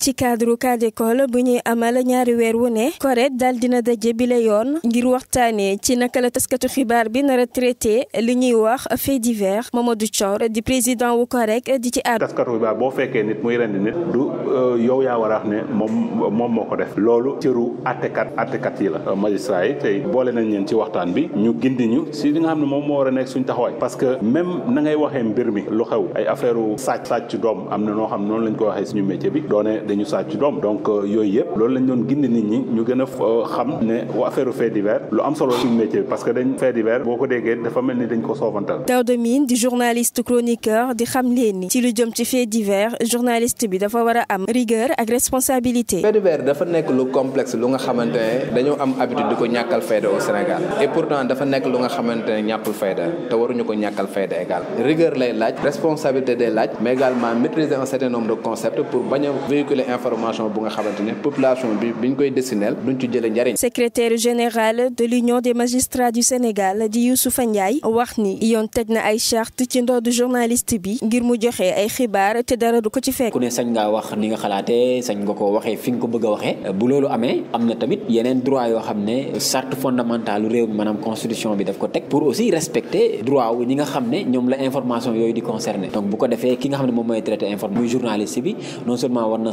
ci cadre cas d'école bu ñuy amal ñaari weer wu ne CORED daal dina daje bi la yoon ngir waxtaanee ci naka la taskatu xibaar bi nar traité li ñuy wax fait divers Mamadou Thior di président wu CORED di ci aar. taskatu boo fekkee nit muy rend nit du euh, yow yaa war a wax ne moom moom moo ko def loolu cëru àttekat àttekat yi la magistrat yi tey boole nañ leen ci waxtaan bi ñu gindi ñu si li nga xam ne moom moo war a nekk suñ taxawaay parce que même na ngay waxee mbir mi lu xew ay affaire sàcc ci doom am na noo xam noonu lañ ko waxee suñu métier bi doone dañu sàcc doom donc euh, yooyu yëpp loolu lañ doon gindi nit ñi ñu gën euh, xam ne affaire fait divers lu am solo suñu métier parce que dañ fait divers boo ko déggee dafa mel ni dañ ko soofantal. Daouda Mine di journaliste bi dafa war a am rigueur ak responsabilité. fait divers dafa nekk lu complexe lu nga xamante ne dañoo am habitude di ko ñàkkal fayda au Sénégal et pourtant dafa nekk lu nga xamante ne ñàkkul fayda te waruñu ko ñàkkal fayda égal rigueur lay a jëlee information bu nga xamante ne population bi biñ koy destinel duñ ci jëlee njariñ secrétaire général de l'union des magistrats du Sénégal di Youssoufa Ndiaye wax ni yoon teg na ay charte ci ndoddu journaliste bi ngir mu joxe ay xibaar te dara du ko ci fekk. ne sañ ngaa wax ni nga xalaatee sañ nga ko waxee fi nga ko bëgg waxee bu loolu amee am na tamit yeneen droit yoo xam ne charte fondamentale réew mi maanaam constitution bi daf ko teg pour aussi respecter droit wu ñi ne ñoom la information yooyu di concerné donc bu ko defee ki nga xam ne moom mooy traité information muy journaliste bi non seulement war na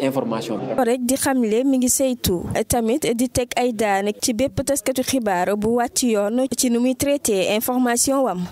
information bi. rek di xamle mi ngi saytu tamit di teg ay daan ci bépp taskatu xibaar bu wàcc yoon ci nu muy traité information wam.